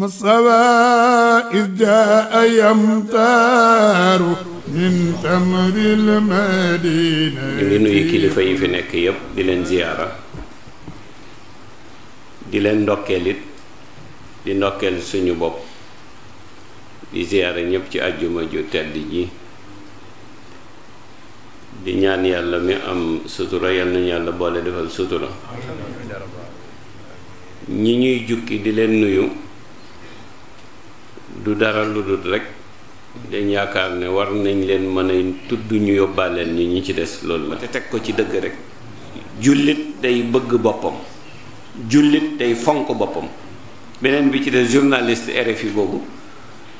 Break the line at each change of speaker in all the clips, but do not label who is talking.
مصطفى إذ جاء يمطار من تمر المدينة ñu ngi nuyu kilifa yi fi nekk yépp di leen ziyaara di leen ndokkeel it di ndokkeel suñu bopp di ziyaara ñépp ci àjjuma ju tedd ji di ñaan yàlla mi am sutura yal nañu yàlla boole defal sutura ñi ñuy jukki di leen nuyu du dara lu dul rek dañ yaakaar ne war nañ leen mën a tudd ñu yóbbaaleen ñi ñu ci des loolu la te teg ko ci dëgg rek jullit day bëgg boppam jullit day fonk boppam beneen bi ci des journaliste RFI boobu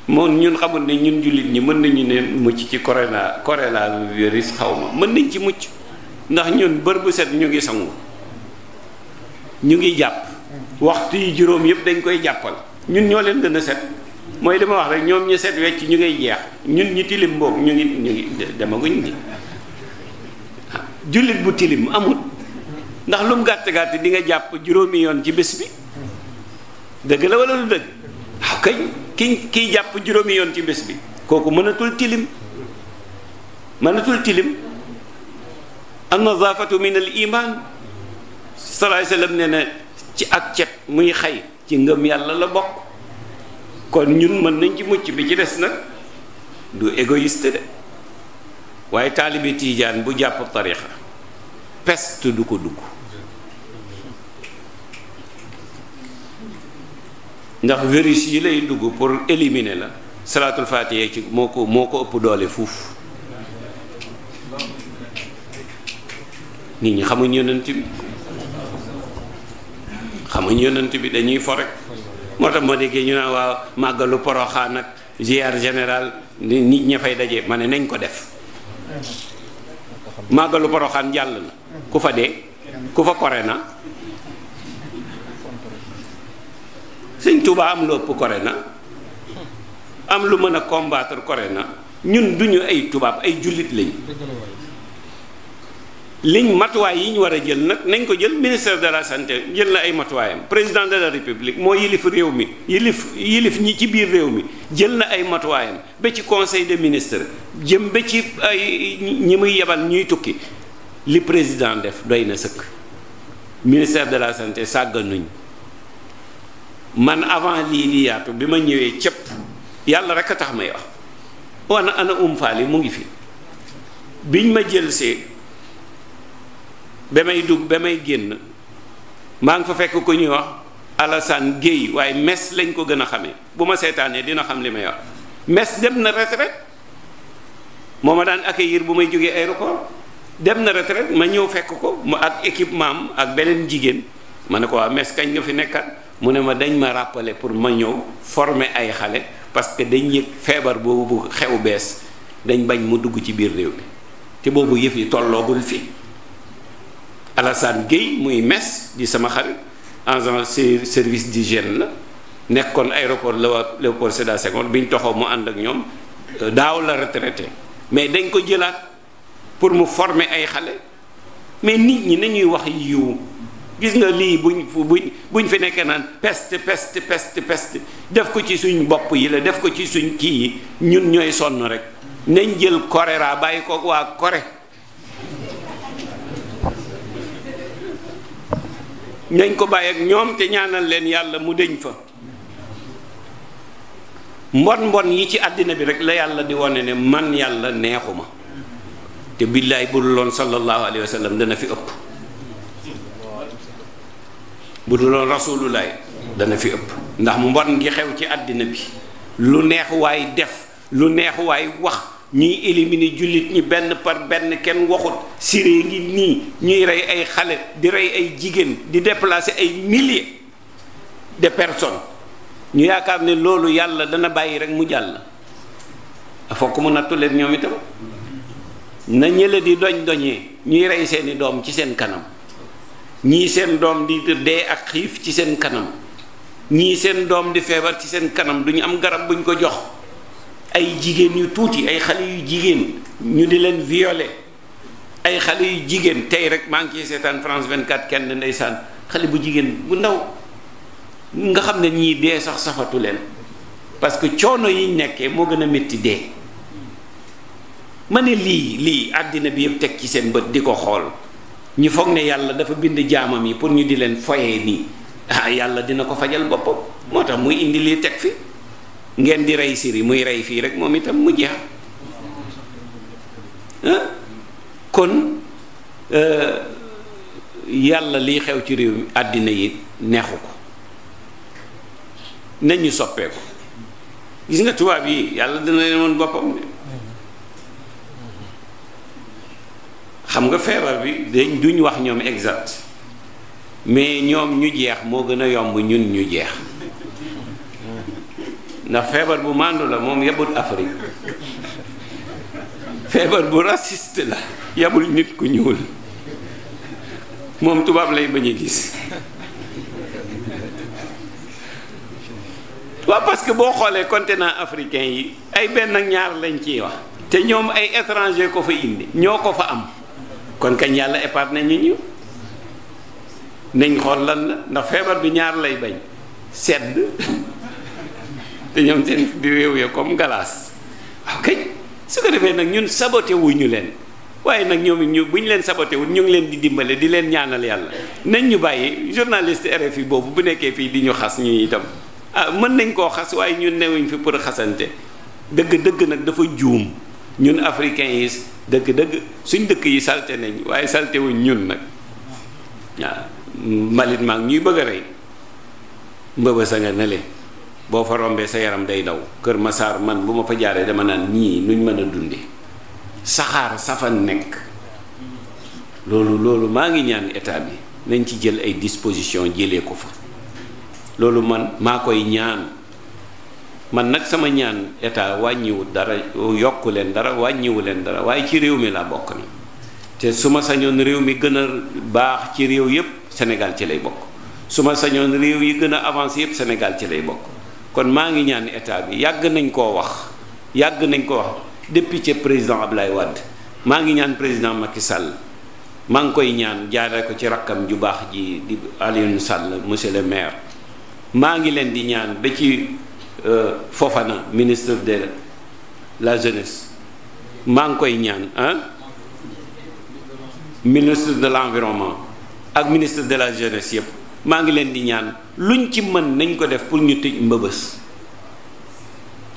moom ñun xamul ni ñun jullit ñi mën nañu ne mucc ci corona corona virus xaw ma mën nañ ci mucc ndax ñun bër bu set ñu ngi sangu ñu ngi jàpp waxtu yi juróom yëpp dañ koy jàppal ñun ñoo leen gën a set mooy dama wax rek ñoom ñu set wecc ñu ngay jeex ñun ñi tilim boog ñu ngi ñu ngi demaguñ di ah, jullit bu tilim amut ndax lu mu gàtt gàtt di nga jàpp juróomi yoon ci bés bi dëgg la wala lu dëgg waaw ah, kañ ki kiy jàpp juróomi yoon ci bés bi kooku mënatul tilim mënatul tilim an nazaafatu min al iman salaay sallam ne na ci ak cet muy xay ci ngëm yàlla la bokk kon ñun mën nañ ci mucc bi ci des nag du égoïste de waaye taalibi tiijaan bu jàpp tarixa pest du ko dugg ndax virus yi lay dugg pour éliminer la salaatul faatiha ci moo ko moo ko ëpp doole fuuf nit ñi xamuñ yonent bi xamuñ yonnant bi dañuy fo moo tax moo déggee ñu naa waaw màggalu poroxaan ak ziar général nit ña fay daje ma ne nañ ko def màggalu poroxaan jàll na ku fa dee ku fa kore na sëñ Tuubaa am lu ëpp kore na am lu mën a combattre kore na ñun duñu ay tubaab ay jullit lañ liñ matuwaay yi ñu war a jël nag nañ ko jël ministère de la santé jël na ay matuwaayam président de la république moo yilif réew mi yilif yilif ñi ci biir réew mi jël na ay matuwaayam ba ci conseil des ministres jëm ba ci ay ñi muy yebal ñuy tukki li président def doy na sëkk ministère de la santé sàgganuñ man avant lii di yaatu bi ma ñëwee cëpp yàlla rek a tax may wax wana ana um faal yi mu ngi fi biñ ma jël ba may dugg ba may génn maa ngi fa fekk ku ñuy wax Alassane Guèye waaye mes lañ ko gën a xame bu ma seetaanee dina xam li may wax mes dem na retraite moo ma daan accueillir bu may jógee aéroport dem na retraite ma ñëw fekk ko mu ak équipement am ak beneen jigéen ma ne ko waa mes kañ nga fi nekkat mu ne ma dañ ma rappeler pour ma ñëw former ay xale parce que dañ yëg feebar boobu bu xew bees dañ bañ mu dugg ci biir réew mi te boobu yëf yi tolloogul fi Alassane Gueye muy mes di sama xarit agent service di d'hygiène la nekkoon aéroport Léopold Sédar Senghor bi ñu toxoo mu ànd ak ñoom euh, daaw la retraité mais dañ ko jëlaat pour mu former ay xale mais nit ñi ñuy wax yiw gis nga lii buñ buñ buñ fi nekkee naan pest pest peste peste def ko ci suñ bopp yi la def ko ci suñ kii yi ñun ñooy sonn rek nañ jël choléra bàyyi ko waa Corée nañ ko bàyyi ak ñoom te ñaanal leen yàlla mu deñ fa mbon mbon yi ci àddina bi rek la yàlla di wone ne man yàlla neexuma te billaay bu dul loon sallallahu alayhi wa sallam dana fi ëpp bu dul loon rasulullaay dana fi ëpp ndax mbon ngi xew ci àddina bi lu neex waay def lu neex waay wax ñuy éliminer jullit ñi benn par benn kenn waxut Syrie ngi nii ñuy rey ay xale di rey ay jigéen di déplacer ay milliers de personnes ñu yaakaar ne loolu yàlla dana bàyyi rek mu jàll dafa ko mu nattu leen ñoom itam na ñële di doñ doñee ñuy rey seeni doom ci seen kanam ñii seen doom di dee ak xiif ci seen kanam ñii seen doom di feebar ci seen kanam duñu am garab buñ ko jox ay jigéen yu tuuti ay xale yu jigéen ñu di leen violer ay xale yu jigéen tey rek maa ngi ciy seetaan France 24 kenn ndeysaan xale bu jigéen bu ndaw nga xam ne ñii dee sax safatu leen parce que coono yi nekkee moo gën a métti dee ma ne lii lii àddina bi yëpp teg ci seen bët di ko xool ñu foog ne yàlla dafa bind jaamam yi pour ñu di leen foyee nii ah, yàlla dina ko fajal boppam moo tax muy indi lii teg fi ngeen di rey siri muy rey fii rek moom itam mu jeex kon euh, yàlla liy xew ci réew mi àddina yi neexu ko nañu soppeeku gis nga tubaab yi yàlla dina leen woon boppam ne xam nga feebar bi dañ duñ wax ñoom exact mais ñoom ñu jeex moo gën a yomb ñun ñu jeex ndax feebar bu màndu la moom yebul Afrique feebar bu raciste la yebul nit ku ñuul moom tubaab lay bañ a gis waa parce que boo xoolee continent africain yi ay benn ñaar lañ ciy wax te ñoom ay étranger ko fa indi ñoo ko fa am kon kañ yàlla épargne ñu ñu nañ xool lan la ndax feebar bi ñaar lay bañ sedd te ñoom seen di réew ya comme galaas waaw ah, kañ su ko defee nag ñun saboté wuñu leen waaye nag ñoom ñu bu ñu leen saboté wul ñu ngi leen di dimbale di leen ñaanal yàlla nañ ñu bàyyi journaliste RFI boobu bu nekkee fii di ñu xas ñu itam ah mën nañ koo xas waaye ñun newuñ fi pour xasante dëgg dëgg nag dafa juum ñun africains yi dëgg dëgg suñ dëkk yi salte nañ waaye salte wuñ ñun nag waaw mbalit maa ñuy bëgg a rey mbëbës a nga ne leen boo fa rombee sa yaram day daw Kër Masaar man bu ma fa jaaree dama naan ñii nuñ mën a dunde saxaar safa nekk loolu loolu maa ngi ñaan état bi nañ ci jël ay disposition jëlee ko fa loolu man maa koy ñaan man nag sama ñaan état wàññiwut dara yokk leen dara wàññiwu leen dara waaye ci réew mi laa bokk na te su ma sañoon réew mi gën a baax ci réew yépp Sénégal ci lay bokk su ma sañoon réew yi gën a avance yépp Sénégal ci lay bokk kon maa ngi ñaan état bi yàgg nañ koo wax yàgg nañ ko wax depuis ci président Ablaye wàdd maa ngi ñaan président Macky Sall maa ngi koy ñaan jaaree ko ci rakkam ju baax ji di Alioune Sall monsieur le maire maa ngi leen di ñaan ba ci euh, Fofana ministre de la jeunesse maa ngi koy ñaan ah ministre de l'environnement ak ministre de la jeunesse yëpp maa ngi leen di ñaan luñ ci mën nañ ko def pour ñu tëj mbëbës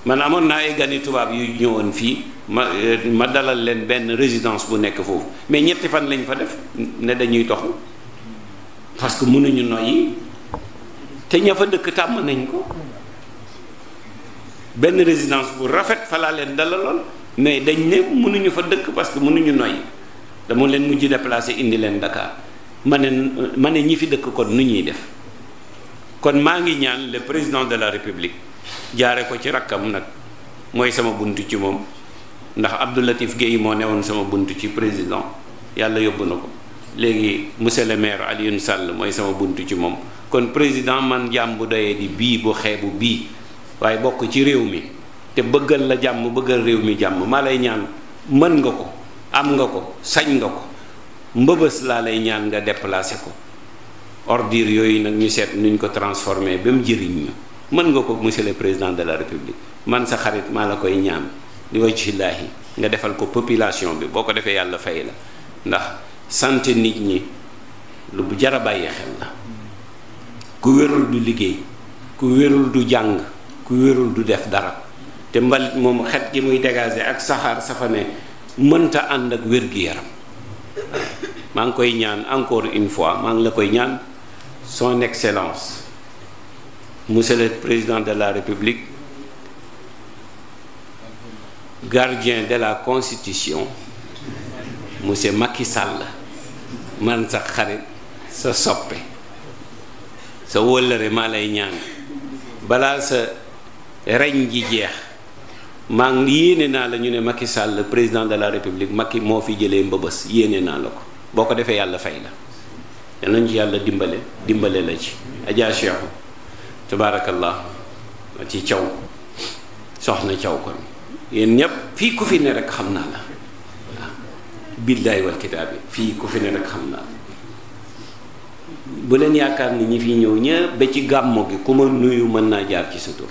man amoon naa ay gani tubaab yu ñëwoon fii ma eh, ma dalal leen benn résidence bu nekk foofu mais ñetti fan lañ fa def ne dañuy toxu parce que mënuñu noyyi te ña fa dëkk tàmm nañ ko benn résidence bu rafet fa laa leen dalaloon mais dañ ne mënuñu fa dëkk parce que mënuñu noyyi dama leen mujj déplacé indi leen ndakaar ma ne ñi fi dëkk kon nu ñuy def kon maa ngi ñaan le président de la république jaare ko ci rakkam nag mooy sama buntu ci moom ndax Abdou Latif Guèye moo ne woon sama buntu ci président yàlla yóbbu na ko léegi monsieur le maire Alioune Sall mooy sama buntu ci moom kon président man jàmm bu doyee di bii bu xeebu bii waaye bokk ci réew mi te bëggal la jàmm bëggal réew mi jàmm maa lay ñaan mën nga ko am nga ko sañ nga ko mbëbës laa lay ñaan nga déplacé ko ordure yooyu nag ñu seet nuñ ko transformé ba mu jëriñ ñu mën nga ko monsieur le président de la république man sa xarit maa la koy ñaam ñaan li wajhillaahi nga defal ko population bi boo ko defee yàlla fay la ndax santé nit ñi lu bu jar a bàyyi xel la ku wérul du liggéey ku wérul du jàng ku wérul du def dara te mbalit moom xet gi muy dégager ak saxaar safa ne mënta ànd ak wér-gi-yaram maa ngi koy ñaan encore une fois maa ngi la koy ñaan son excellence monsieur le président de la république gardien de la constitution monsieur Macky Sall man sax xarit sa soppe sa wëllëre maa lay ñaan balaa sa reñ ji jeex maa ngi yéene naa la ñu ne Macky Sall président de la république Macky moo fi jëlee mbëbës yéene naa la ko boo ko defee yàlla fay la yal nañu ci yàlla dimbale dimbale la ci ajaa cheikhu tabaarakallah ci caw soxna caw kon yéen ñépp fii ku fi ne rek xam naa la waaw billaay wal kitaab fii ku fi ne rek xam naa la bu leen yaakaar ni ñi fi ñëw ñëpp ba ci gàmmo gi ku ma nuyu mën naa jaar ci sa tur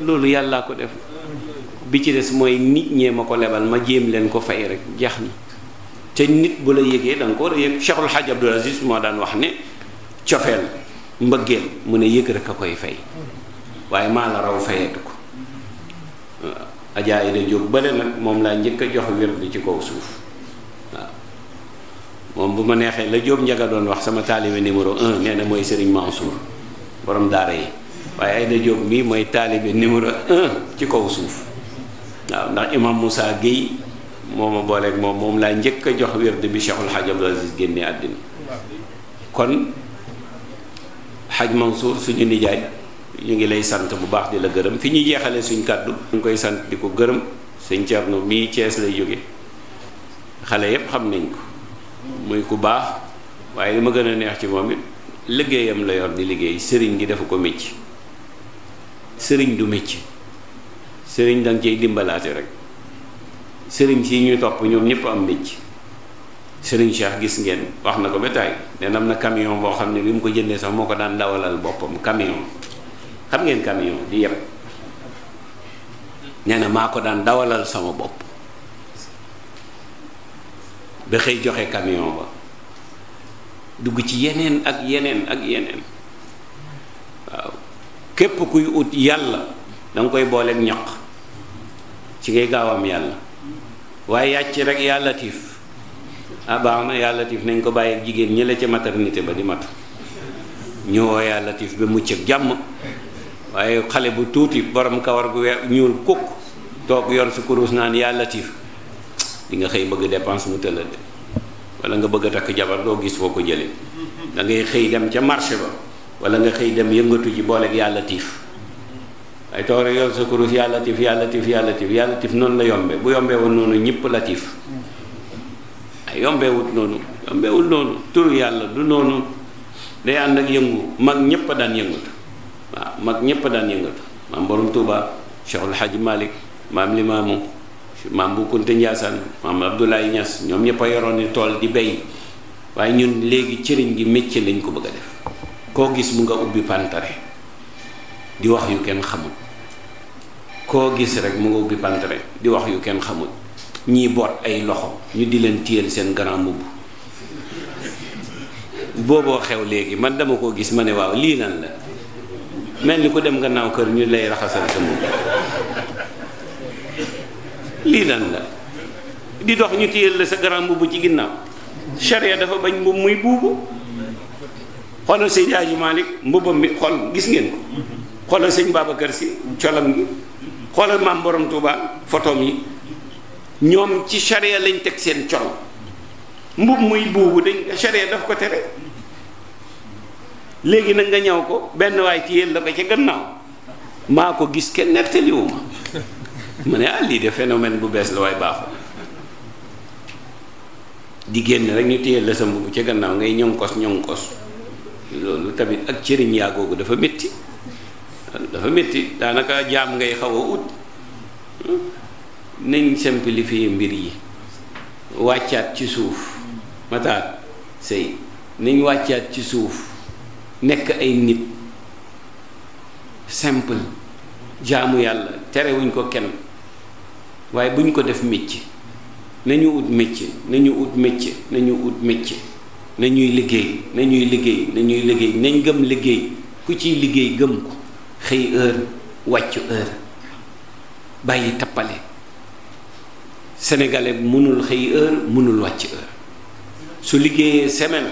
loolu yàllaa ko def bi ci des mooy nit ñee ma ko lebal ma jéem leen ko fay rek jeex na te nit bu la yëgee da nga ko war a yëg Cheikhul Hadj Abdoul Aziz daan wax ne cofeel mbëggeel mu ne yëg rek a koy fay waaye maa la raw fayeetu ko waaw Adja Aida ba bële nag moom laa njëkk a jox ci kaw suuf moom bu ma neexee la Diop Ndiaga doon wax sama taalibe numéro mooy sëriñ Mansour boroom daara yi waaye Aida Diop mii mooy taalibe numéro un ci kaw suuf waaw ndax imam Moussa Guèye moom ma booleeg moom moom laa njëkk a jox wird bi Cheikhul Hadj Abdou Aziz génne àddina kon Hadj Mansour suñu nijaay ñu ngi lay sant bu baax di la gërëm fi ñuy jeexale suñ kàddu ñu ngi koy sant di ko gërëm sëñ Thierno mii Thiès lay jóge xale yépp xam nañ ko muy ku baax waaye li ma gën a neex ci moom it liggéeyam la yor di liggéey sëriñ gi dafa ko mécc sëriñ du mécc sëriñ danga cay dimbalaate rek sëriñ si ñuy topp ñoom ñëpp am mécc sëriñ Cheikh gis ngeen wax na ko ba tey nee na am na camion boo xam ne bi mu ko jëndee sax moo ko daan dawalal boppam camion xam ngeen camion di yépp nee na maa ko daan dawalal sama bopp ba xëy joxe camion ba dugg ci yeneen ak yeneen ak yeneen waaw képp kuy ut yàlla danga koy booleeg ñaq ci ngay gaaw am yàlla waaye yàcc rek yàlla tiif ah baax na yaa latif nañ ko bàyyi jigéen ñi la ca maternité ba di matu ñëwoo yàlla tiif ba mucc ak jàmm waaye xale bu tuuti borom kawar gu we- ñuul kukk toog yor si kurus naan yàlla latif di nga xëy bëgg dépense mu tëla de wala nga bëgg a takk jabar doo gis foo ko jëlee da ngay xëy dem ca marché ba wala nga xëy dem yëngatu ji booleeg yàlla tiif ay toog rek yor sa kurus yaa latif yaa latif yaa latif noonu la yombe bu yombee woon noonu ñëpp latif ay yombeewut noonu yombeewul noonu turu yàlla du noonu day ànd yëngu mag ñëpp a daan yëngatu a daan maam borom Touba Cheikhul Hadji Malick maam Limaamu maam bu Kunta Ndiassane maam Abdoulaye Niass ñoom ñëpp a yoroon ni tool di bay waaye ñun léegi cëriñ gi métier lañ ko bëgg a def koo gis mu nga ubbi pantare di wax yu kenn xamul. koo gis rek mu nga ubbi pantere di wax yu kenn xamul ñii boot ay loxo ñu di leen tiyel seen grand mbubb booboo xew léegi man dama koo gis ma ne waaw lii lan la mel ni ku dem gannaaw kër ñu lay raxasal sa mbubb lii lan la di dox ñu téyel la sa grand mbubb ci ginnaaw charia dafa bañ mbubb muy buubu xoolal sëñ Hadji Malick mbubbam bi xool gis ngeen ko xoolal sëñ Babacar Si colam gi xoolal maam borom Touba photom yi ñoom ci charia lañ teg seen col mbub muy buubu dañ charia daf ko tere léegi nag nga ñaw ko benn waay ci yéen la ko ca gannaaw maa ko gis kenn nettaliwu ma ma ah, de phénomène bu bees la waaye baaxul di génn rek ñu téye la sa mbubb ca gannaaw ngay ñonkos ñonkos loolu tamit ak cëriñ yaa googu dafa metti dafa métti daanaka jaam ngay xaw a ut nañ simplifier mbir yi wàccaat ci suuf mataat sëy nañ wàccaat ci suuf nekk ay nit simple jaamu yàlla terewuñ ko kenn waaye buñ ko def métier nañu ut métier nañu ut métier nañuy liggéey nañuy liggéey nañuy liggéey nañ gëm liggéey ku ciy liggéey gëm ko xëy heure wàccu heure bàyyi tappale sénégalais mënul xëy heure mënul wàcc heure su liggéeyee semaine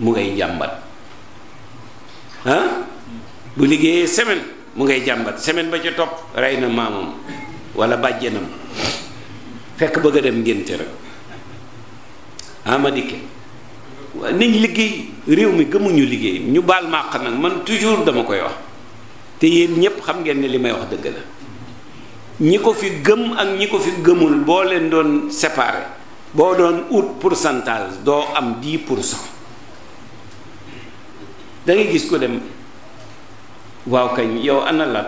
mu ngay jàmbat ah bu liggéeyee semaine mu ngay jàmbat semaine ba ca topp rey na maamam wala bàjjenam fekk bëgg a dem ngénte rek amadike nañ liggéey réew mi gëmuñu liggéey ñu baal màq nag man toujours dama koy wax te yéen ñépp xam ngeen ne li may wax dëgg la ñi ko fi gëm ak ñi ko fi gëmul boo leen doon séparé boo doon ut pour pourcentage doo am 10 pour cent da gis ko dem waaw kañ yow ana lan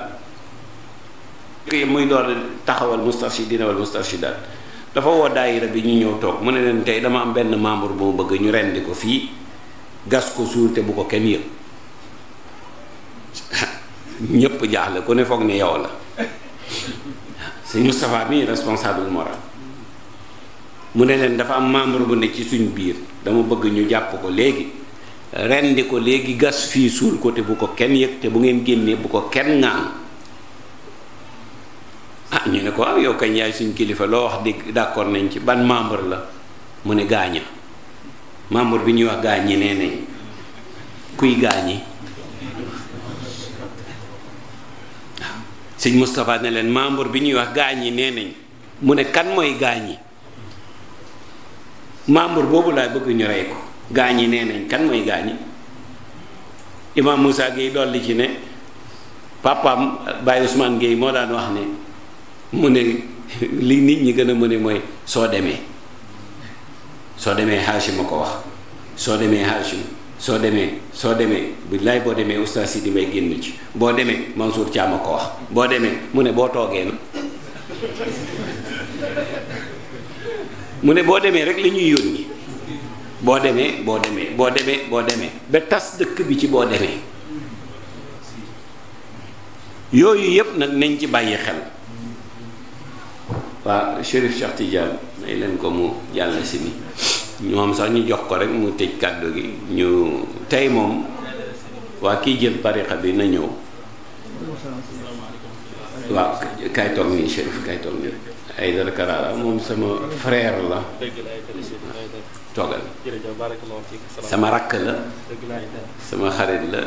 muy door taxawal mustachidina wal mustachidat dafa woo daayira bi ñu ñëw toog mu ne leen tey dama am benn membre bu ma bëgg ñu rendi ko fii gas ko suul te bu ko kenn yëg ñëpp jaaxle ku ne foog ni yow la sëñ Moustapha bi responsable moral mu ne leen dafa am membre bu ne ci suñ biir dama bëgg ñu jàpp ko léegi rendi ko léegi gas fii suul ko te bu ko kenn yëg te bu ngeen génnee bu ko kenn ŋaan ah ñu ne ko waaw ah, yow kañ yaay suñ kilifa loo wax di d'accord nañ ci ban membre la mu ne gaaña membre bi ñuy wax gaañi nee nañ kuy gaañi sëñ Moustapha ne leen membre bi ñuy wax gaañ yi nee nañ mu ne kan mooy gaañ yi membre boobu laa bëgg ñu rey ko gaañ yi nee nañ kan mooy gaañi yi musaa Moussa Gueye dolli ci ne papaam Baye Ousmane géey moo daan wax ne mu ne li nit ñi gën a mën mooy soo demee soo demee Hachim a ko wax soo demee Hachim. soo demee soo demee billaay boo demee oustaz si di may génn ci boo demee Mansour Thiam a ko wax boo demee mu ne boo toogee na mu ne boo demee rek li ñuy yónni boo demee boo demee boo demee boo demee ba tas dëkk bi ci boo demee yooyu yépp nag nañ ci bàyyi xel waa Chérif Cheikh Tidiane may leen ko mu jàll si ni ñoom sax ñu jox ko rek mu tëj kàddu gi ñu tey moom waa kii jël tariqa bi na ñëw
waaw kay toog nii
Chérif kay toog nii Aydara Karara moom sama frère la
toogal sama rakk la sama xarit la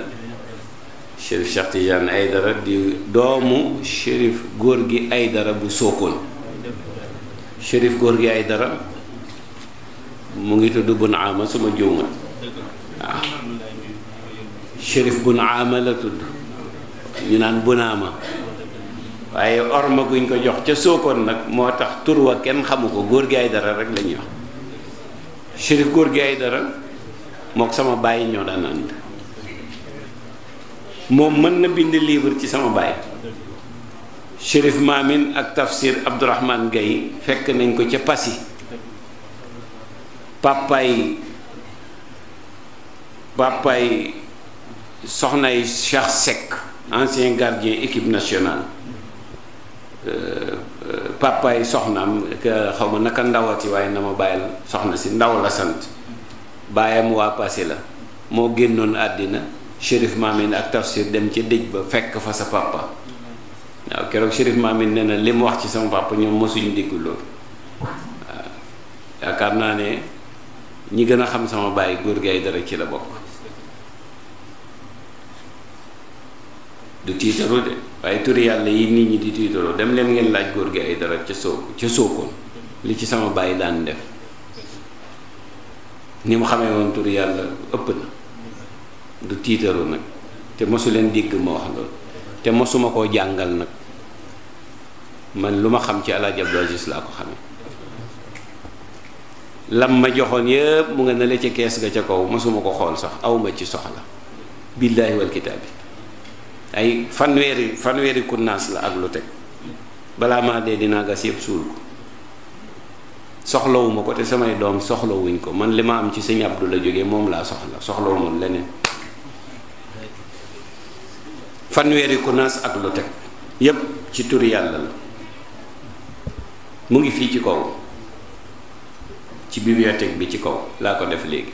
Chérif Cheikh Tidiane Aydara di doomu Chérif góor gi ay dara bu Sokone Chérif góor gi ay dara mu ngi tudd bun aama suma juumul waaw shérif bun aama la tudd ñu naan bun aama waaye orma guñ ko jox ca sookoon nag moo tax tur wa kenn xamu ko góor gi ay dara rek lañuy wax shérif góor gi ay dara mook sama bàyyi ñoo daan ànd moom mën na bind livre ci sama baay Chérif Maamin ak tafsir Abdourahmane Gaye fekk nañ ko ca Passy pàppaay pàppaay soxnay Cheikh Seck ancien gardien équipe nationale pàppaay euh, euh, soxnaam xaw ma naka ndawati waaye na ma bàyyi soxna si ndaw la sant baayam waa passé la moo génnoon àddina Chérif Mamine ak Tafsir dem ca dëj ba fekk fa sa papa waaw keroog Chérif Mamine nee li mu wax ci sama papa ñoom mosuñu dégg loolu waaw yaakaar naa ne ñi gën a xam sama bàyyi góor gi ay dara ci la bokk du tiitaroo de waaye turi yàlla yi nit ñi di tiitaroo dem leen ngeen laaj góor gi ay dara ca sookoon li ci sama bàyyi daan def ni mu xamee woon turi yàlla ëpp na du tiitaroo nag te mosu leen dégg ma wax loolu te mosuma koo jàngal nag man lu ma xam ci Alaaji Abdul Asiis laa ko xamee lam ma joxoon yëpp mu nga ne ci kees ga ca kaw masuma ko xool sax awma ci soxla billaahi wal bi ay fanweeri fanweeri kunnaas la ak lu teg balaa maa dee dinaa gas yëpp suul ko soxlawuma ko te samay doom soxlawuñ ko man li ma am ci sëñ Abdu la jóge moom laa soxla soxlawuma leneen fanweeri kunnaas ak lu teg yépp ci tur yàlla la mu ngi fii ci kaw ci bibliothèque bi ci kaw laa ko def léegi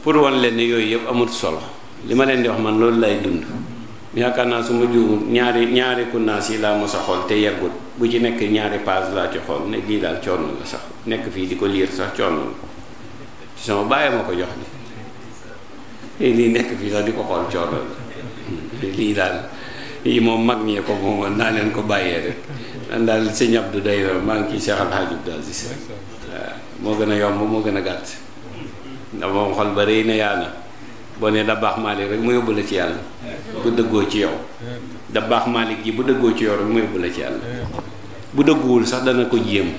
pour won leen ne yooyu yëpp amul solo li ma leen di wax man loolu lay dund yaakaar naa su ma juumul ñaari ñaari kunnaas yi laa mos a te yeggut bu ci nekk ñaari page laa ci xool ne lii daal coono la sax nekk fii di ko liir sax coon la ci sama bàyyi ma ko jox ni lii nekk fii sax di ko xool coono la lii daal yi moom mag ñee ko moom naa leen ko bàyyee rek man daal du Abdou day maa ngi ciy Cheikh Al Hadj Abdou Aziz moo gën a yomb moo gën a gàtt ndax moom xol ba rëy na yàlla boo ne da baax Malick rek mu yóbbu la ci yàlla bu dëggoo ci yow da baax Malick ji bu dëggoo ci yow rek mu yóbbu la ci yàlla bu dëgguwul sax dana ko jéem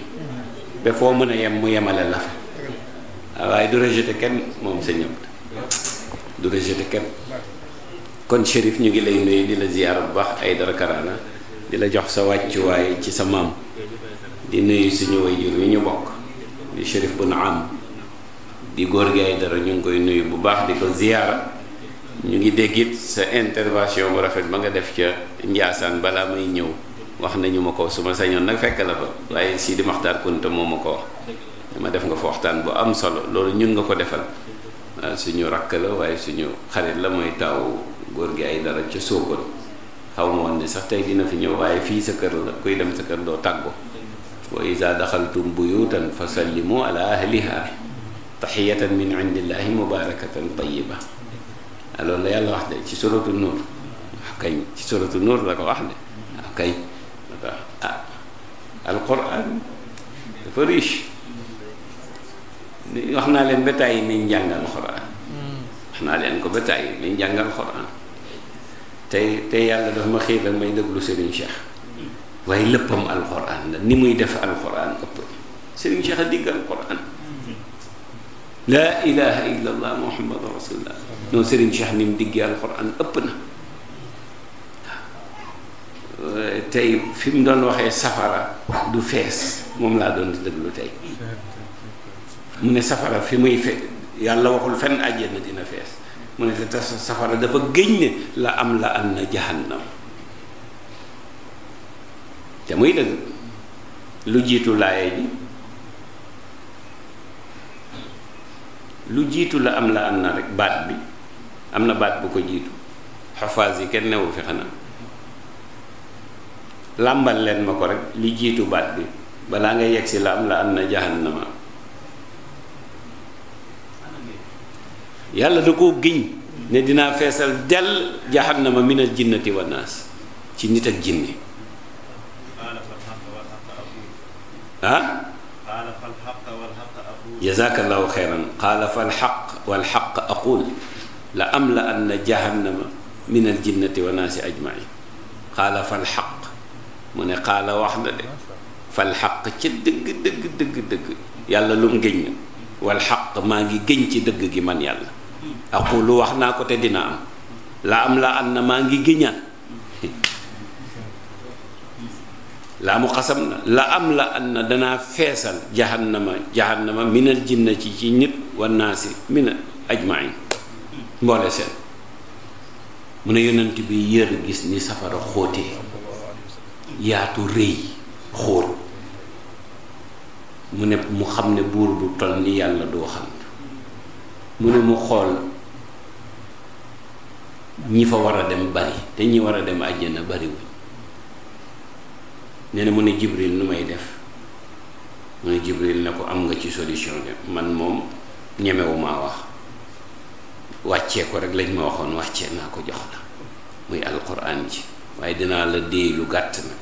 ba foo mën a yem mu yemale la ah, waaye du rejeté kenn moom sëñ Abdou du rejeté kenn kon Chérif ñu ngi lay nuyu di la ziyaar bu baax ay dara karaana di la jox sa wàccuwaay ci sa maam di nuyu suñu wayjur wi ñu bokk di Chérif Bun Am di góor gi ay dara ñu ngi koy nuyu bu baax di ko ziyaara ñu ngi déggit sa intervention bu rafet ba nga def ca Njaasaan balaa may ñëw wax nañu ma ko su ma sañoon nag fekk la ba waaye Sidi Maxtaar Kunta moo ma ko wax dama def nga fa waxtaan bu am solo loolu ñun nga ko defal suñu rakk la waaye suñu xarit la mooy taaw góor gi ay dara ca Sokone xaw ma woon ne sax tey dina fi ñëw waaye fii sa kër la kuy dem sa kër doo tàggu wa iza daxaltum buyutan fa sallimu ala ahliha taxiyatan min indillahi mubarakatan tayiba ah, loolu la yàlla wax de ci suratu nuur waaw ah, kañ ci suratu nuur la ko wax de waaw kañ ah, ah alquran dafa riche wax naa leen ba tàyyi nañ jàngal alquran hmm. wax naa leen ko ba tàyyi nañ jàngal alquran tey tey yàlla dafa ma xiir may déglu Serigne Cheikh waaye léppam alxuraan la ni muy def alxuraan ëpp Serigne Cheikh a digg alxuraan laa ilaha ni mu diggee alxuraan ëpp na tey fi mu doon waxee safara du fees moom laa doon déglu tey mu ne safara fi muy fe yàlla waxul fenn àjjana dina fees mu ne te safara dafa géñ ne la am la am na jahannam te muy dëgg lu jiitu laaye ji lu jiitu la am la am na rek baat bi am na baat bu ko jiitu xafaas yi kenn newu fi xanaa làmbal leen ma ko rek li jiitu baat bi balaa nga yegg si la am la am na jahannama yàlla da koo giñ ne dinaa feesal dell jahannama minal jinnati wa naas ci nit ak jinne ah
jazakallahu
xeyran qaala fal wal xaq aqul la am la anna jahannama minal jinnati wa naasi ajmain qaala fal xaq mu ne qaala wax na de fal xaq ca dëgg dëgg dëgg dëgg yàlla lum géñ na wal xaq maa ngi géñ ci dëgg gi man yàlla aqulu wax naa ko te dina am la am la an na maa ngi géñaan laa mu xasam na la am la an na danaa feesal jahannama jahannama minal jinna ci ci nit wa naasi mina ajmain mboole seen mu ne yonent bi yër gis ni safara xóotee yaatu rëy xóot mu ne mu xam ne buur bu toll ni yàlla doo xam mu ne mu xool ñi fa war a dem bari te ñi war a dem àjjana bariwuñ nee na mu ne Jibril nu may def mu ne Jibril na ko am nga ci solution de man moom ñemewumaa wax wàccee ko rek lañ ma waxoon wàccee naa ko jox la muy alquran ji waaye dinaa la déey lu gàtt na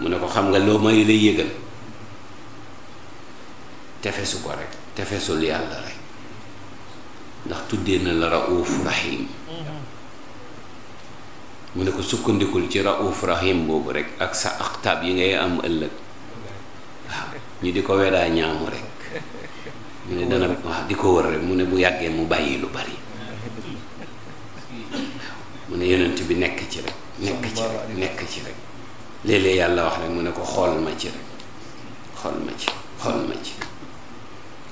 mu ne ko xam nga loo may la yëgal tefesu ko rek te feesul yàlla rek ndax tuddee na la rauf rahim mu ne ko sukkandikul ci rauf rahim boobu rek ak sa aktaab yi ngay am ëllëg waaw ñu di ko weddaa ñaamu rek mu ne dana wax di ko wër rek mu ne bu yàggee mu bàyyi lu bari mu ne yonent bi nekk ci rek nekk ci rek nekk ci rek léeg-léeg yàlla wax rek mu ne ko xool ma ci rek xool ma ci xool ma ci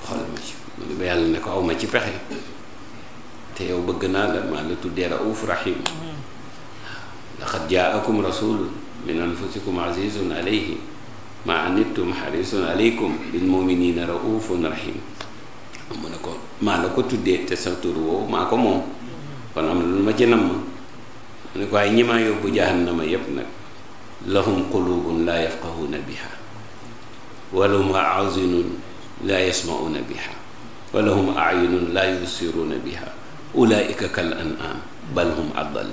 xoolal ma ci mu ne ba yàlla ne ko aw ma ci pexe te yow bëgg naa la maa la tuddee rauf rahim laqad jaakum rasulun min anfusikum azizun alayhi ma anittum xarisun aleykum bil muminina raufun rahim mu ne ko maa la ko tuddee te sa tur woowu maa ko moom kon am lu ma ci nam ma mu ne ko ay ñi maa yóbbu jahannama yépp nag lahum qulubun la yafqahuna biha walum azinun laa yasmauuna biha wa lahum ayunun laa yubsiruuna biha ulaika kal an'am bal hum adal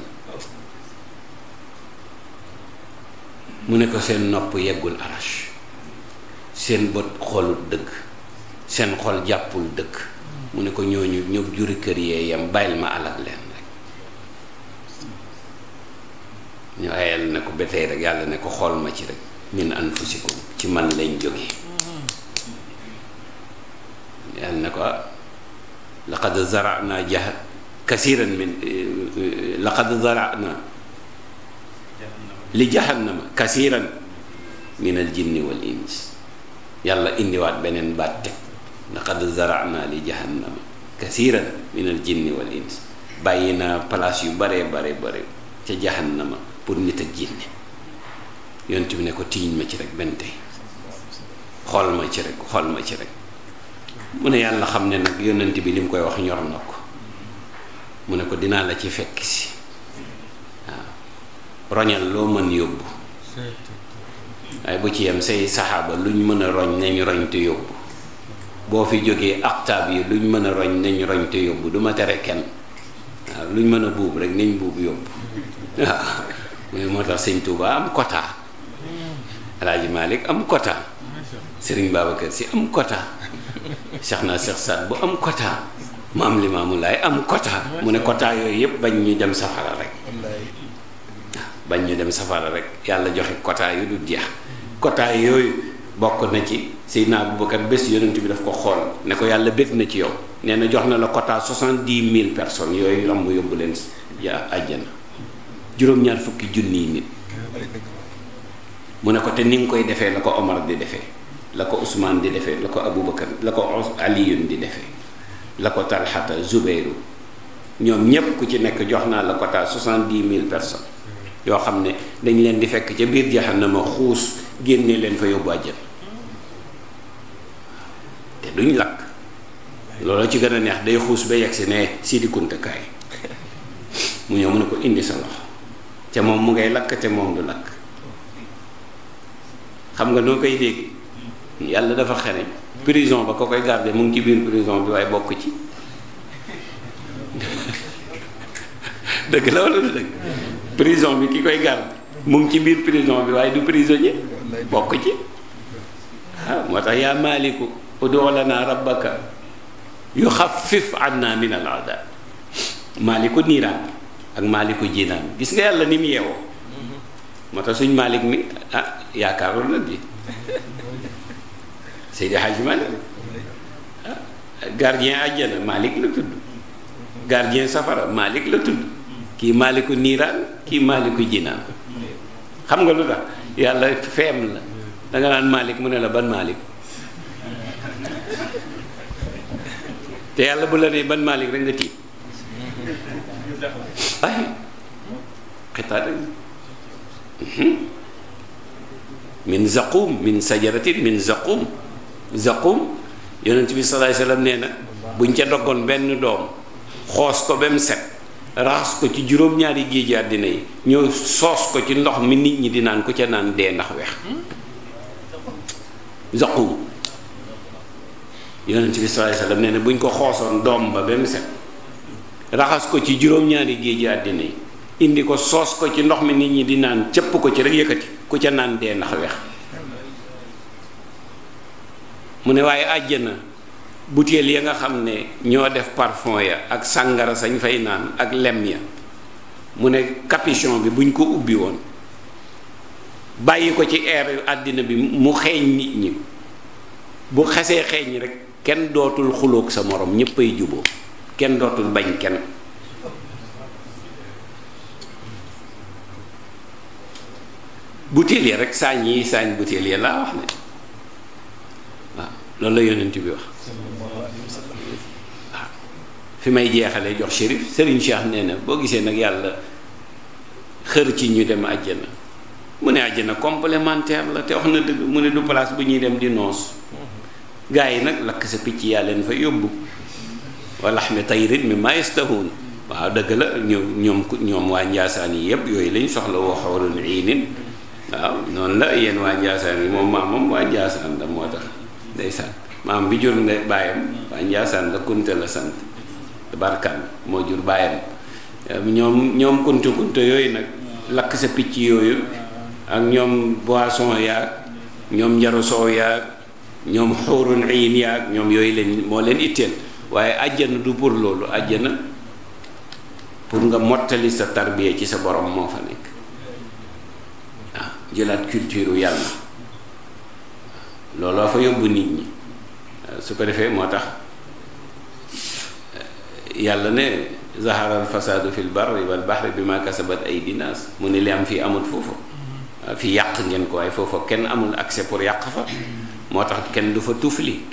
mu ne ko seen nopp yeggul arash seen bët xoolul dëgg seen xol jàppul dëkk mu ne ko ñooñu ñoog juri kër yee yam bàyyil ma alal leen rek ñu ayal ne ko ba rek yàlla ne ko xool ma ci rek min anfusikum ci man lañ jógee yàlla ne ko laqad zarana jah kasiran min laqad zarana li jahannama kasiran min al jinni wal ins yàlla indiwaat beneen baat teg laqad zarana li jahannama kasiran min al jinni wal ins bàyyi naa place yu bare bare bare ca jahannama pour nit ak jinne yonent bi ne ko tiiñ ma ci rek benn tey xool ma ci rek ma ci rek mu ne yàlla xam ne nag yonent bi li mu koy wax ñor na ko mu ne ko dinaa la ci fekk si waaw roñal loo mën yóbbu waaye bu ci yem say saxaaba luñ mën a roñ nañ roñ te yóbbu boo fi jógee aktaab yi luñ mën a roñ nañ roñ te yóbbu duma tere kenn waaw luñ mën a buub rek nañ buub yóbbu waaw mu ne moo tax sëñ Touba am quota Alaaji Malik am quota Serigne Babacar Si am quota Cheikh naa Cheikh Saad bu am quota mu am limaamu laay am quota mu ne kota yooyu yëpp bañ ñu dem safara rek bañ ñu dem safara rek yàlla joxe quota yu du jeex quota yooyu bokk na ci Seydina Aboubacar bés yonent bi daf ko xool ne ko yàlla bég na ci yow nee na jox na la quota soixante-dix mille personnes yooyu ram mu yóbbu leen ja àjjana juróom-ñaar fukki junniy nit
mu ne ko te ni nga koy defee
la ko Omar di defee la ko Ousmane di defee la ko abu Aboubacar la ko Aliyun di defe la ko Talxata Zubeyru ñoom ñépp ku ci nekk jox naa la quota soixante di mille personnes yoo xam ne dañ leen di fekk ca biir jahannama xuus génne leen fa yóbbu àjjana te duñ lakk loolu ci gën a neex day xuus ba yegsi ne Sidi Kunta kaay mu ñëw mu ne ko indi sa loxo te moom mu ngay lakk te moom du lakk xam nga noo koy dégg yàlla dafa xereñ prison ba ko koy garde mu ngi ci biir prison bi waaye bokk ci dëgg la wala du dëgg prison bi ki koy garde mu ngi ci biir prison bi waaye du prisonnier bokk ci waaw ah, moo tax yaa maaliku udoo lana rabbaka yuxaffif anna min al maaliku niiraan ak maaliku jinaan gis nga yàlla ni mu yeewoo
mm-hmm.
moo tax suñ maalik mi ah yaakaarul na bi Seydi Hadji Malick gardien àjjana Malick la tudd gardien safara Malick la tudd kii Maliku niiraan kii Maliku jinaan xam nga lu tax yàlla feem la danga naan Malick mu ne la ban Malick te yàlla bu la nee ban Malick rek nga mhm. min zaqum min sajaratin min zaqum zaqum yonent bi salaay salaam nee na buñ ca doggoon benn doom xoos ko ba mu set raxas ko ci juróom-ñaari géej àddina yi ñëw soos ko ci ndox mi nit ñi di naan ku ca naan dee ndax weex zaqum yonent bi salaay salaam nee na buñ ko xoosoon doom ba raxas ko ci juróom-ñaari àddina yi indi ko soos ko ci ndox mi nit ñi di naan cëpp ko ci rek yëkkati ku ca naan dee ndax weex mu ne waaye àjjana butéel ya nga xam ne ñoo def parfum ya ak sàngara sañ fay naan ak lem ya mu ne capuchon bi buñ ko ubbi woon bàyyi ko ci air yu àddina bi mu xeeñ nit ñi bu xesee xeeñ rek kenn dootul xuloog sa moroom ñépp ay juboo kenn dootul bañ kenn butéel ya rek saañ yi saañ butéel ya laa wax ne loolu la yonent bi wax waaw fi may jeexalee jox shérif Serigne Cheikh nee na boo gisee nag yàlla xër ci ñu dem àjjana mu ne àjjana complémentaire la te wax na dëgg mu ne du place bu ñuy dem di noos gaa yi nag lakk sa picc yaa leen fa yóbbu wala xam ne tayrit mi maa yastahuun waaw dëgg la ñoom ñoom waa Njaasaan yi yëpp yooyu lañu soxla woo xawlun iinin waaw noonu la yéen waa Njaasaan yi moom maam moom waa Njaasaan la moo tax ndeysaan maam bi jur ne baayam waa Njaasaan la kunte la sant barkan moo jur baayam ñoom ñoom kuntu yooyu nag lakk sa picc yooyu ak ñoom boisson yaag ñoom njaru soow yaag ñoom xóorun iin yaag ñoom yooyu leen moo leen itteel waaye àjjana du pour loolu àjjana pour nga mottali sa tarbiya ci sa borom moo fa nekk waaw jëlaat culture yàlla looloo fa yóbbu nit ñi su ko defee moo tax yàlla ne zahara al fasaadu fil barri wal bahri bima kasabat aydi naas mu ni li am fii amul foofu fi yàq ngeen ko waaye foofa kenn amul accès pour yàq fa moo tax kenn du fa tufli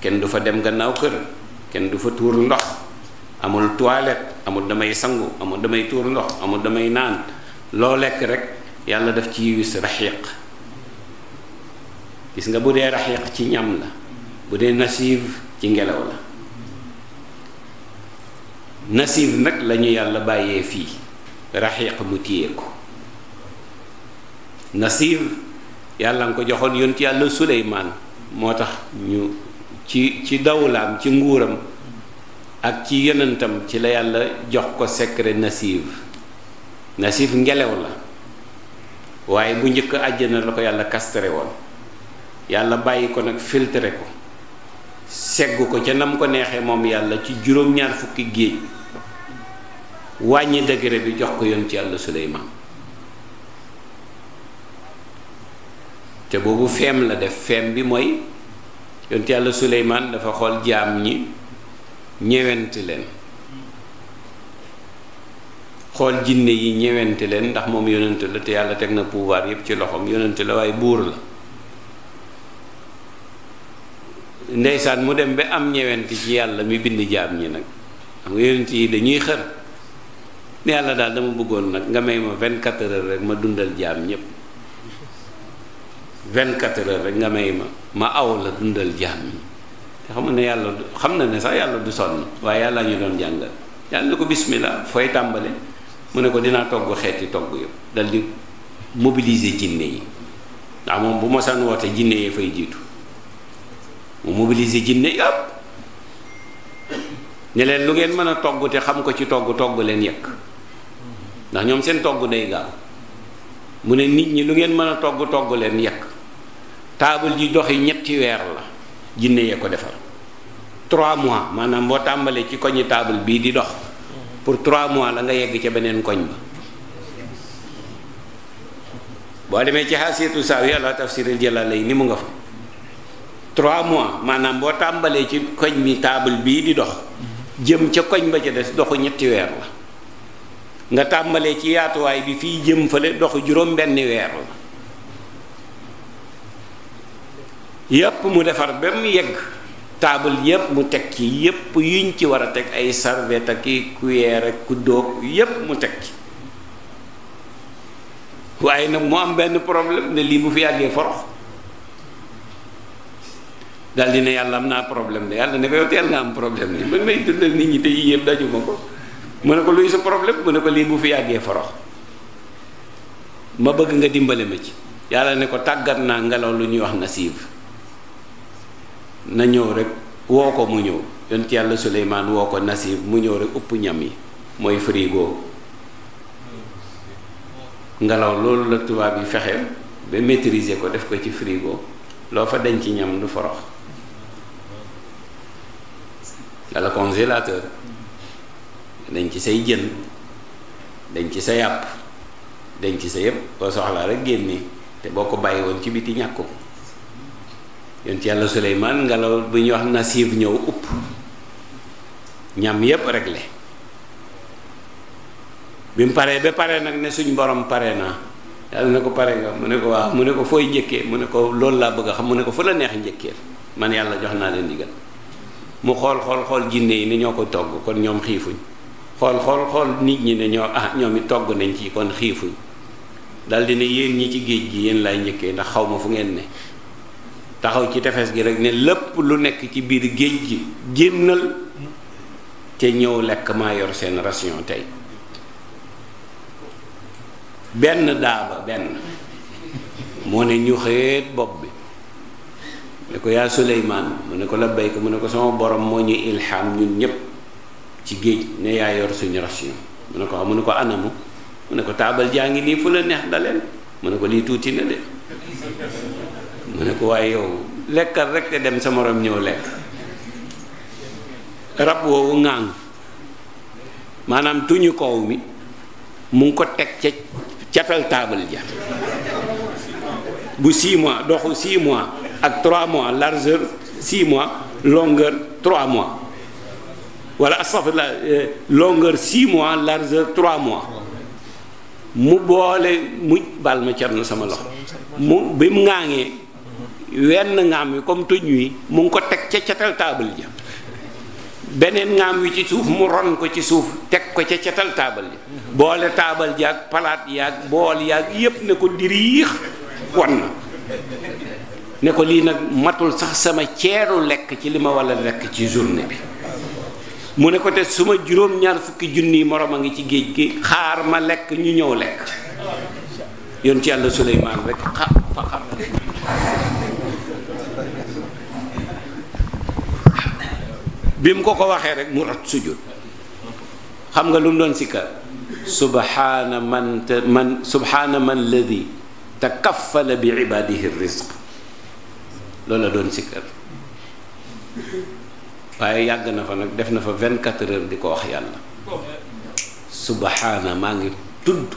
kenn du fa dem gannaaw kër kenn du fa tuur ndox amul toilette amul damay sangu amul damay tuur ndox amul damay naan loo lekk rek yàlla def ci wis raxiq gis nga bu dee raxiq ci ñam la bu dee nasiib ci ngelaw la nasiib nag lañu yàlla bàyyee fii raxiq mu téye ko nasiib yàlla nga ko joxoon yoon ci yàlla suleymaan moo tax ñu ci ci dawlaam ci nguuram ak ci yonentam ci la yàlla jox ko secret nasiib nasiib ngelaw la waaye bu njëkk àjjana la ko yàlla kastere woon yàlla bàyyi ko nag filtre ko segg ko ca nam ko neexee moom yàlla ci juróom-ñaar fukki géej wàññi degré bi jox ko yoon ci yàlla Suleymaan te boobu feem la def feem bi mooy yoon ci yàlla Suleymaan dafa xool jaam ñi ñewenti leen xool jinne yi ñewenti leen ndax moom yonent la te yàlla teg na pouvoir yépp ci loxoom yonent la waaye buur la ndeysaan mu dem ba am ñewent ci yàlla mi bind jaam ñi nag xam nga yonent dañuy xër ne yàlla daal dama bëggoon nag nga may ma 24 heures rek ma dundal jaam ñépp 24 heures rek nga may ma ma aw la dundal jaam ñi te xam ne yàlla xam na ne sax yàlla du sonn waaye yàlla ñu doon jàngal yàlla ko bismillah fooy tàmbale mu ne ko dinaa togg xeeti togg yëpp dal di mobiliser jinne yi ndax moom bu mosaan woote jinne yee fay jiitu mu mobiliser jinne yëpp ne leen lu ngeen mën a togg te xam ko ci togg togg leen yekk ndax ñoom seen togg day gaaw mu ne nit ñi lu ngeen mën a togg togg leen yekk taabal ji dox yi ñetti weer la jinne yee ko defar trois mois maanaam boo tàmbalee ci koñi taabal bii di dox pour trois mois la nga yegg ca beneen koñ ba boo demee ci xaasiyatu saawiya ala tafsiril jalalayn ni mu nga fa trois mois maanaam boo tàmbalee ci koñ bi taabal bii di dox jëm ca koñ ba ca des doxu ñetti weer la nga tàmbalee ci yaatuwaay bi fii jëm fële doxu juróom benni weer la yépp mu defar ba mu yegg taabal yépp mu teg ci yépp yuñ ci war a teg ay serviette ak i cuillère ak kuddoog yépp mu teg ci waaye nag mu am benn problème ne lii bu fi yàggee forox daal di ne yàlla am naa problème de yàlla ne ko yow teel nga am problème de man may dundal nit ñi te yii yëpp daju ma ko mu ne ko luy sa problème mu ne ko lii bu fi yàggee forox ma bëgg nga dimbale ma ci yàlla ne ko tàggat naa ngelaw lu ñuy wax nasiib na ñëw rek woo ko mu ñëw yonent yàlla Suleymaan woo ko nasiib mu ñëw rek upp ñam yi mooy frigo ngelaw loolu la tubaab yi fexe ba maîtriser ko def ko ci frigo loo fa denc ñam du forox walla congélateur dañ ci say jën dañ ci sa yàpp dañ ci sa yëpp boo soxlaa rek génne te boo ko bàyyi woon ci biti ñàkk ko yoon ci yàlla Suleymaan ngelaw bu ñuy wax nasiib ñëw upp ñam yépp réglé bi mu paree ba pare nag ne suñ borom pare naa yàlla ne ko pare nga mu ne ko waaw mu ne ko fooy njëkkee mu ne ko loolu laa bëgg a xam mu ne ko fu la neex njëkkee man yàlla jox naa leen digal mu xool xool xool jinne yi ne ñoo ko togg kon ñoom xiifuñ xool xool xool nit ñi ne ñoo ah ñoom it togg nañ ci kon xiifuñ daldi ne yéen ñi ci géej gi yéen laay njëkkee ndax xaw ma fu ngeen ne taxaw ci tefes gi rek ne lépp lu nekk ci biir géej gi génnal te ñëw lekk maa yor seen ration tey benn daaba benn moo ne ñu xeet bopp bi ne ko yaa Suleymaan mu ne ko la labbayka mu ne ko sama borom moo ñu ilham ñun ñépp ci géej ne yaa yor suñu ration mu ne ko mu ne ko anamu mu ne ko taabal jaa ngi nii fu la neex daleen mu ne ko lii tuuti na de mu ne ko waaye yow lekkal rek te dem sa morom ñëw lekk rab woowu ŋaang maanaam tuñu koow mi mu ngi ko teg ca cafel taabal ja bu six mois doxu six mois ak 3 mois largeur 6 mois longueur 3 mois wala astafurlah euh, longueur 6 mois largeur 3 mois mu boole mu bal ma na sama loxo mu bi mu ŋaaŋee wenn ŋaam wi comme tuñ wi mu ngi ko teg ca catal taabal ja beneen ŋaam wi ci suuf mu ron ko ci suuf teg ko ca catal taabal ja boole taabal ji ak palaat yaag bool yaag yépp ne ko diriix wan na ne ko lii nag matul sax sama ceeru lekk ci li ma walla lekk ci journée bi mu ne ko te suma juróom-ñaar fukki junni moroom a ngi ci géej gi xaar ma lekk ñu ñëw lekk yoon ci yàlla Suleymaan rek xaar fa ko ko waxee rek mu rot xam nga lu mu doon sikkar subhaana man man subhaana man ladi takaffala bi ibaadihi rizq loolu la doon sikkar waaye yàgg na fa nag def na fa vingt quatre heures di ko wax yàlla subhaana maa ngi tudd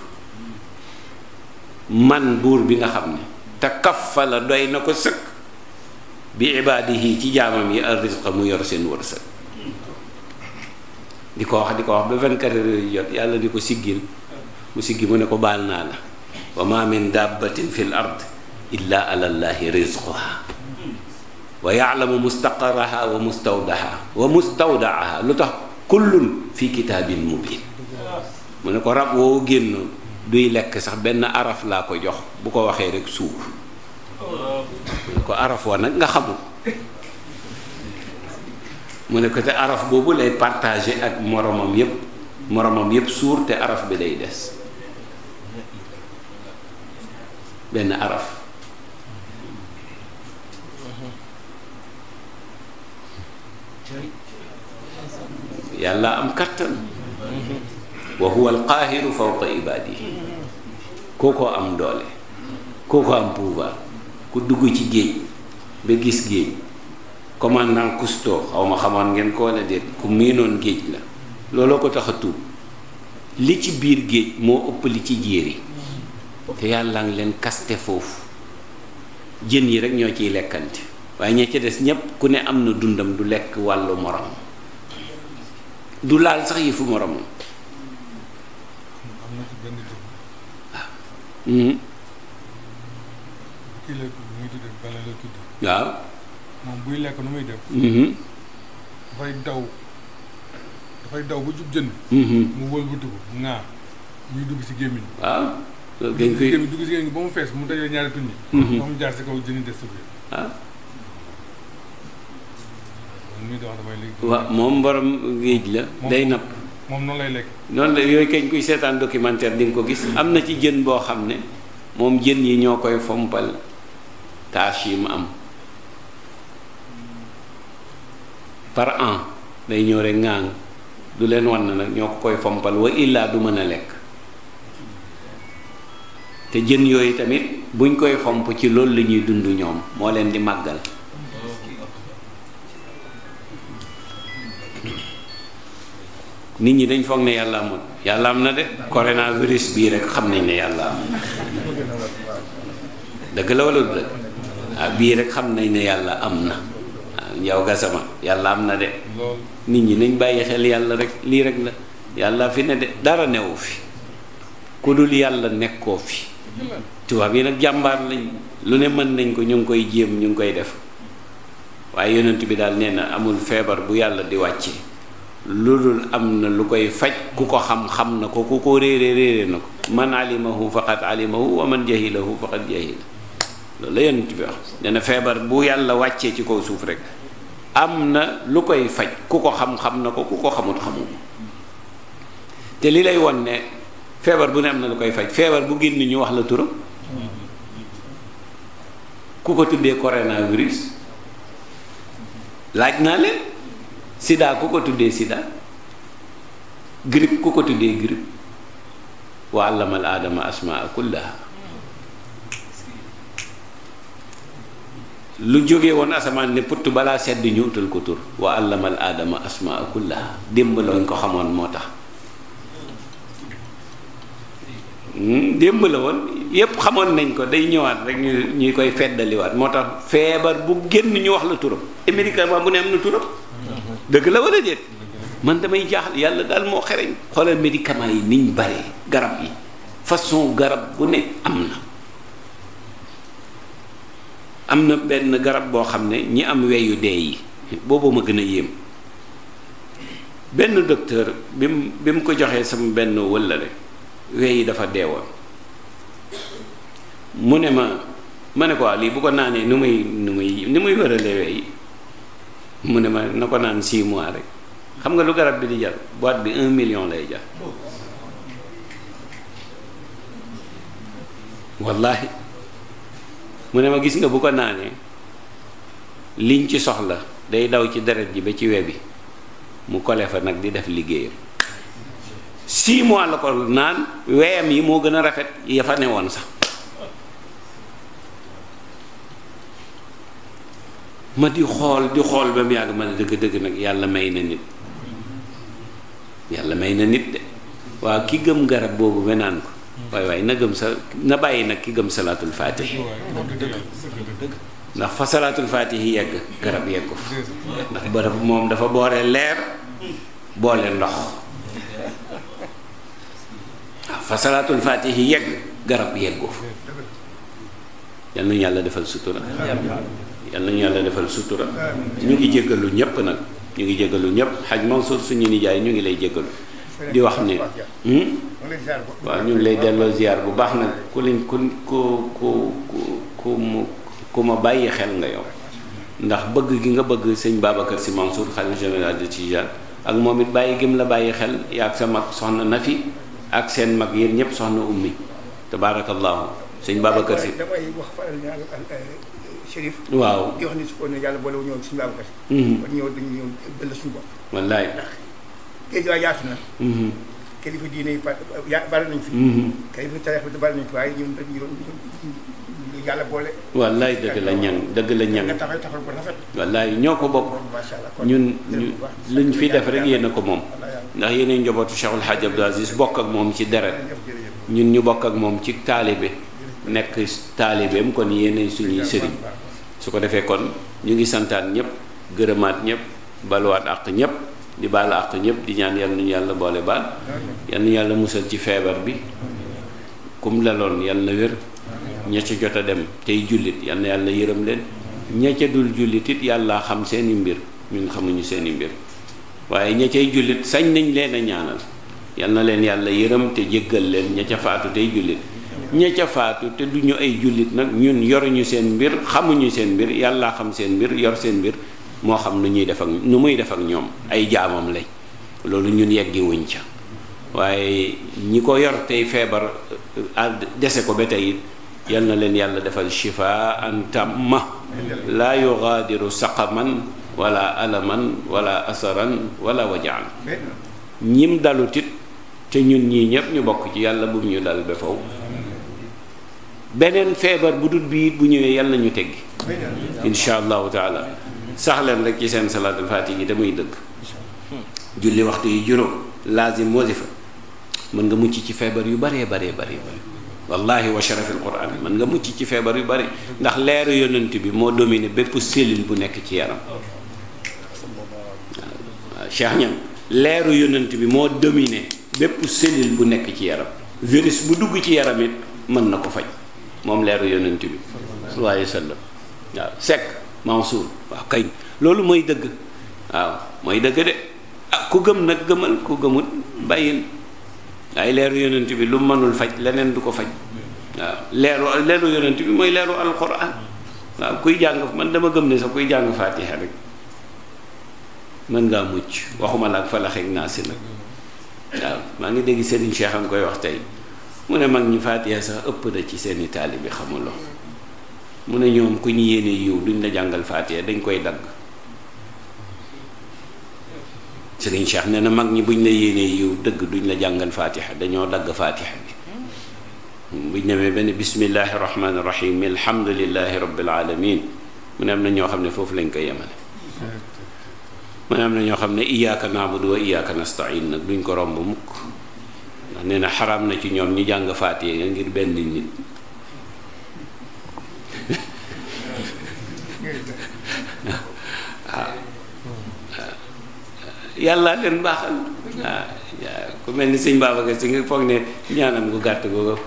man buur bi nga xam ne te kaffala doy na ko sëkk bi ibaadihi ci jaamam yi arrisqa mu yor seen wërsëg di ko wax di ko wax ba vingt quatre heures yi jot yàlla di ko siggil mu siggi mu ne ko baal naa la wa ma min dabbatin fi l ard wa yaalamu mustaqaraha wa mustawdaha wa mustawdaaha lu tax kullun fi kitaabin mubin mu ne ko rab woo génn duy lekk sax benn araf laa ko jox bu ko waxee rek suuf
mu
ne ko araf wa nag nga xamul mu ne ko te araf boobu lay partagé ak moromam yépp moromam yépp suur te araf bi lay des benn araf yàlla am kattan wa huwa alqaahiru fawqa ibaadihi kookoo am doole kookoo am pouvoir ku dugg ci géej ba gis géej commandant Cousteau xaw ma xamoon ngeen ko wala déet ku miinoon géej la looloo ko tax tuub li ci biir géej moo ëpp li ci jéeri te yàlla ngi leen kaste foofu jën yi rek ñoo ciy lekkante waaye ña ca des ñépp ku ne am na dundam du lekk wàllu morom du laal sax yëfu moromam hmm. waaw waaw
moom buy lekk nu may def dafay daw dafay daw ba jub jën hmm. mu wëlbati ko mu ŋaar muy dugg si gémmiñ waaw loolu dañ koy dugg si gémmiñ ba mu fees mu dajale ñaari tuñ yi hmm. ba mu jaar si kaw jëni des si biir ah. waaw moom
borom géej la day napp moom noonu lay lekk noonu la yooyu kañ kuy seetaan documentaire di nga ko gis am na ci jën boo xam ne moom jën yi ñoo koy fompal tâche yi mu am par an day ñëw rek ŋaang du leen wan na nag ñoo ko koy fompal wa illaa du mën a lekk te jën yooyu tamit buñ koy fomp ci loolu la ñuy dund ñoom moo leen di màggal nit ñi dañ foog ne yàlla amul yàlla am na de coronavirus bii rek xam nañ ne yàlla am dëgg la ah, bii rek xam nañ ne yàlla am na waaw ah, yow gasama yàlla am na de nit ñi nañ bàyyi xel yàlla rek lii rek la yàlla a fi ne de dara newu fi ku yàlla nekkoo fi tubaab yi nag jàmbaar lañ lu ne mën nañ ko ñu ngi koy jéem ñu ngi koy def waaye yonent bi daal nee na amul feebar bu yàlla di wàcce loolul am na lu koy faj ku ko xam xam na ko ku ko réere réere na ko man alimahu faqad alimahu wa man jahilahu faqad loolu la yonent bi wax dana feebar bu yàlla wàccee ci kaw suuf rek am na lu koy faj ku ko xam xam na ko ku ko xamut xamul te li lay won ne feebar bu ne am na lu koy faj feebar bu génn ñu wax la turam ku ko tuddee coronavirus laaj naa leen sida ku ko tuddee sida grippe ku ko tuddee grippe wa allamal aadama asmaa kullaha lu jóge woon asamaan ne putt balaa sedd ñu utal ko tur wa allamal aadama asmaa kullaha démb lañ xamoon moo tax hmm, démb la woon yépp xamoon nañ ko day ñëwaat rek ñu ñuy koy feddaliwaat moo tax feebar bu génn ñu wax la turam américain bu ne am na turam dëgg la wala déet man damay jaaxal yàlla daal moo xereñ xoolal médicament yi niñ bare garab yi façon garab bu ne am na am na benn garab boo xam ne ñi am weyu dee yi boobu ma gën a yéem benn docteur bi mu bi mu ko joxee sama benn wëllale we yi dafa deewoon mu ne ma mu ne ko lii bu ko naanee nu muy nu muy nu muy wëralee wee yi mu ne ma na ko naan 6 mois rek xam nga lu garab bi di jar boîte bi un million lay jar wallahi mu ne ma gis nga bu ko naanee liñ ci soxla day daw ci deret ji ba ci we bi mu kole fa nag di def liggéeyam 6 mois la ko naan weyam yi moo gën a rafet yafa fa newoon sax ma di xool di xool ba mu yàgg ma ne dëgg dëgg nag yàlla may na nit yàlla may na nit de waaw ki gëm garab boobu ba ko waaye waaye na gëm sa na bàyyi nag ki gëm salaatul faatih ndax fa salaatul yegg garab yeggu fa ndax ba moom dafa boole leer boole ndox waaw fa salaatul faatih yegg garab yeggu fa yal nañu yàlla defal sutura yal nañu yàlla defal sutura ñu ngi jéggalu ñépp nag ñu ngi jéggalu ñépp xaj Mansour suñu nijaay ñu ngi lay jéggalu di wax ne hmm? waaw ñu ngi lay dello ziar bu baax nag ku leen ku ku ku ku ku ma bàyyi xel nga yow ndax bëgg gi nga bëgg sëñ Babacar Sy Mansour xalifa général de Tijaan ak moom it bàyyi gim la bàyyi xel yaag sa mag soxna Nafi ak seen mag yéen ñëpp soxna ummi tabaarakallaahu sëñ Babacar Sy Chérif. waaw di wax Si. Mm-hmm. kon ñëw dañu ñëw bëll suñu bopp. wallaay ndax géej waay yaatu na. Mm-hmm. kilifa diine yi par ya bari nañu fi. Mm-hmm. kilifa tareex bi bari nañu fi waaye ñun dañu ñun yàlla boole. dëgg la ñang dëgg la ñang. nga taxaw taxaw bu rafet. wallaay ñoo ko bokk. macha allah kon ñun luñ fi def rek yéen a ko moom. ndax yéenay njobootu Cheikhul Hadj Abdou Aziz bokk ak moom ci deret ñun ñu bokk ak moom ci taalibe nekk taalibeem kon yéenay suñuy sëriñ su ko defee kon ñu ngi santaan ñëpp gërëmaat ñëpp baluwaat àq ñëpp di baal àq ñëpp di ñaan yal nañu yàlla boole baal yal nañu yàlla musal ci feebar bi kum laloon yal na wér ña ca jot a dem tey jullit yal na yàlla yërëm leen ña ca dul jullit it yàlla xam seeni mbir ñu ñun xamuñu seeni mbir waaye ña cay jullit sañ nañ leen a ñaanal yal na leen yàlla yërëm te jéggal leen ña ca faatu tey jullit ña ca faatu te du ñu ay jullit nag ñun yoruñu seen mbir xamuñu seen mbir yàlla xam seen mbir yor seen mbir moo xam nu ñuy def ak nu muy def ñoom ay jaamam lañ loolu ñun yeggi wuñ ca waaye ñi ko yor tey feebar euh, dese ko ba tey yal na leen yàlla defal shifaan tamma laa yugaadiru saqaman wala alaman wala asaran wala wajaan ñim dalutit te ñun ñii ñëpp ñu bokk ci yàlla bu mu ñu dal ba beneen feebar bu dul bii bu ñëwee yal nañu teggi insha allah taala sax leen rek ci seen salaatul faatiha yi damay dëgg julli waxtu yu juróom laazim wasifa mën nga mucc ci feebar yu baree baree baree bare wallahi wa sharafil quran mën nga mucc ci feebar yu bari ndax leeru yonent bi moo dominé bépp cellule bu nekk ci yaram waaw Cheikh ñam leeru yonent bi moo dominé bépp cellule bu nekk ci yaram virus bu dugg ci yaram it mën na ko faj moom leeru yonent bi sallallahu alayhi wa waaw Seck Mansour waaw kay loolu mooy dëgg waaw mooy dëgg de ah ku gëm nag gëmal ku gëmul bàyyil ay leeru yonent bi lu mënul faj leneen du ko faj waaw leeru leeru yonent bi mooy leeru alquran waaw kuy jàng man dama gëm ne sax kuy jàng faatiha rek mën ngaa mucc waxuma la ak falaxeeg naa si nag waaw maa ngi dégg Serigne Cheikh am koy wax tey mu ne mag ñi faatiha sax ëpp na ci seeni taalibe xamuloo mu ne ñoom ku ñu yéene yiw duñ la jàngal faatiha dañ koy dagg Serigne Cheikh nee na mag ñi buñ la yéene yiw dëgg duñ la jàngal dañoo dagg faatiha buñ demee benn bismillahi rahmaani rahim alhamdulillahi rabbil alamin mu ne am na ñoo xam ne foofu lañ ko yemale mu ne am na ñoo xam ne iyyaka na'budu wa iyyaka nasta'in nag duñ ko romb mukk ndax nee na xaraam na ci ñoom ñu jàng faatiye nga ngir benn nit waaw ah. yàlla leen baaxal ah, ku mel ni sëñ Babacar si nga foog ne ñaanam gu gàtt googu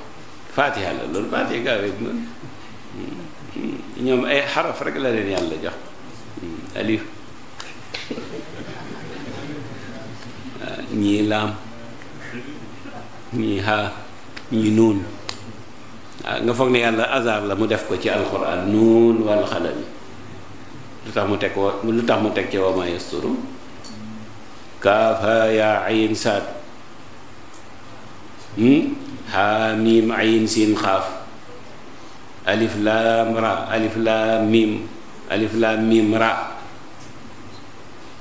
faatiha la loolu faatiha gaawee noonu hmm, ñoom ay xaraf rek la leen yàlla jox hmm, alif ah, ñii laam ñii ha ñi nuun ah, nga foog ne yàlla hasard la mu def ko ci alxuraan nuun wal xalami lu tax mu teg wa lu tax mu teg ci wa ma yasturu kaaf ha yaa ayin saad hmm? ha miim ayin siin xaaf alif laam ra miim alif miim ra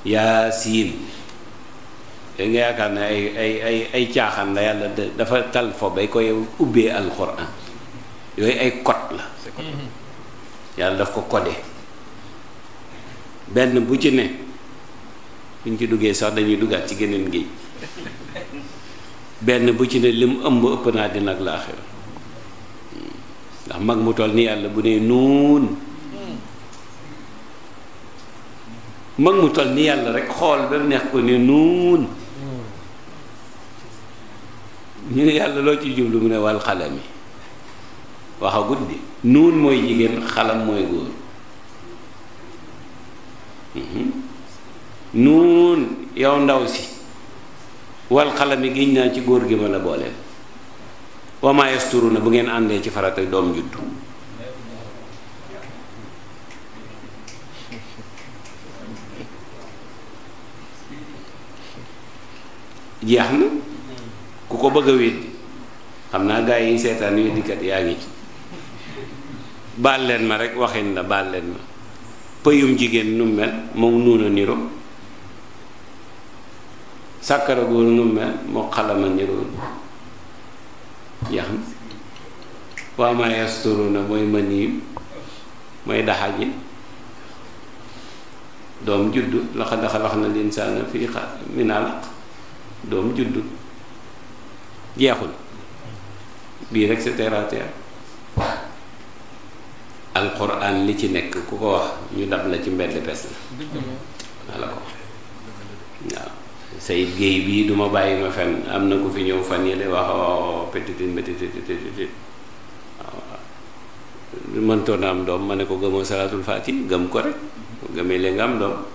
yaa siin yooyu nga yaakaar ne ay ay caaxaan la yàlla dafa tal fo bay koy ubbee alxuraan yooyu ay kot la mhm. yàlla daf ko codé benn bu ci ne buñ ci duggee sax dañuy duggaat ci geneen géej benn bu ci ne lim ëmb ëpp naa dina ak laaxira ndax mag mu toll ni yàlla bu ne nuun mag mu toll ni yàlla rek xool ba mu neex ko ne nuun ñu yàlla loo ci jublu mu ne wal xalami waxagut di nuun mooy jigéen xalam mooy góor mhm. nuun yow ndaw si wal xalami giñ naa ci góor gi ma la booleel wamaa yasturu na bu ngeen àndee ci farata doom juddu jeex na ko bëgg a weddi xam naa gaa yi seetaan weddikat yaa ngi ci baal leen ma rek waxin la baal leen ma pëyum jigéen nu mel moom nuun a niro sàkkara nu mel moo xalama niroo yaxam waa ma yasturuna mooy maniyu mooy daxaji doom juddu laxa daxa lax na linsaana fii xa minalaq doom juddu jeexul bii rek c'est terre à terre li ci nekk ku ko wax ñu dab la ci mbedd pes la la ko waaw say géey bii duma bàyyi ma fenn am na ku fi ñëw fan yële wax oh, pétitit métitit pétitit waaw mëntoon na am doom ma ne ko gëmoo salaatul faati gëm ko rek gëmee lee am doom